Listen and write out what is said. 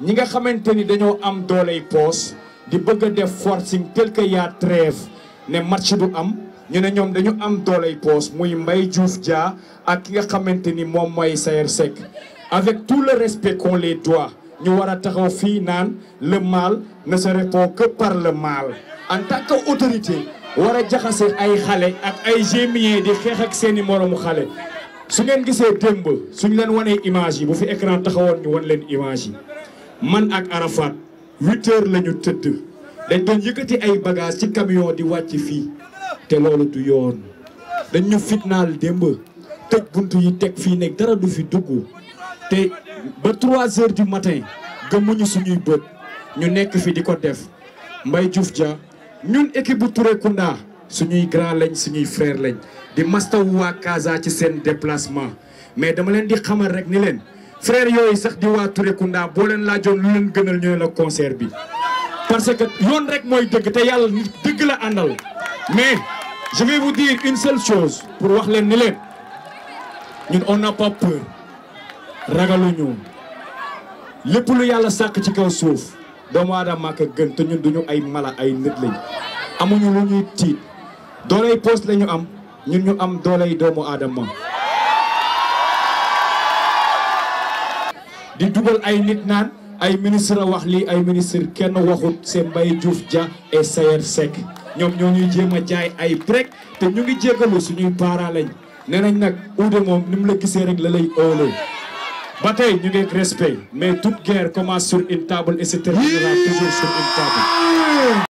ñi nga xamanteni ni dañoo am dooley pos di bëgg def forcing tel que yaa trêve ne match du am ñu ne ñoom dañu am dooley pos muy mbay Diouf Dia ak ki nga xamanteni ni moom mooy Sayer Seck avec tout le respect qu'on les doit ñu war a taxaw fii naan le mal ne se répond que par le mal en tant que autorité war a jaxase ay xale ak ay gémien di xeex ak seeni moroomu xale su ngeen gisee démb suñ leen wanee image yi bu fi écran taxawoon ñu wan leen image yi man ak Arafat huit heures la ñu tëdd dañ doon yëkkati ay bagages ci camion di wàcc fii te loolu du yoon dañ ñu fitnaal démb tëj bunt yi teg fii nekk dara du fi dugg te ba trois heures du matin gëmmuñu suñuy bët ñu nekk fii di ko def mbay Diouf Dia ñun équipe bu Touré suñuy grand lañ suñuy frère lañ di mastaw waa Casa ci seen déplacement mais dama leen di xamal rek ni leen frère yooyu sax di waa Turekunda boo leen laajoon lu leen gënal ñu ne la concert bi parce que yoon rek mooy dëgg te yàlla nit dëgg la àndal mais je vais vous dire une chose pour wax leen ni leen ñun on n'a pas peur ragaluñu lépp lu yàlla sàkk ci kaw suuf doomu aadama ak gën te ñun duñu ay mala ay nit lañ amuñu lu ñuy tiit dooley poos la am ñun ñu am dooley doomu aadama di dugal ay nit naan ay ministre wax lii ay ministre kenn waxut c'est Mbaye Diouf ja et Sayer Seck ñoom ñoo ñuy jéem a jaay ay break te ñu ngi jéggalu suñuy parents lañ nee nag uude moom ni mu la gisee rek la lay óolee ba tey ñu ngi respect mais toute guerre commence sur une table et se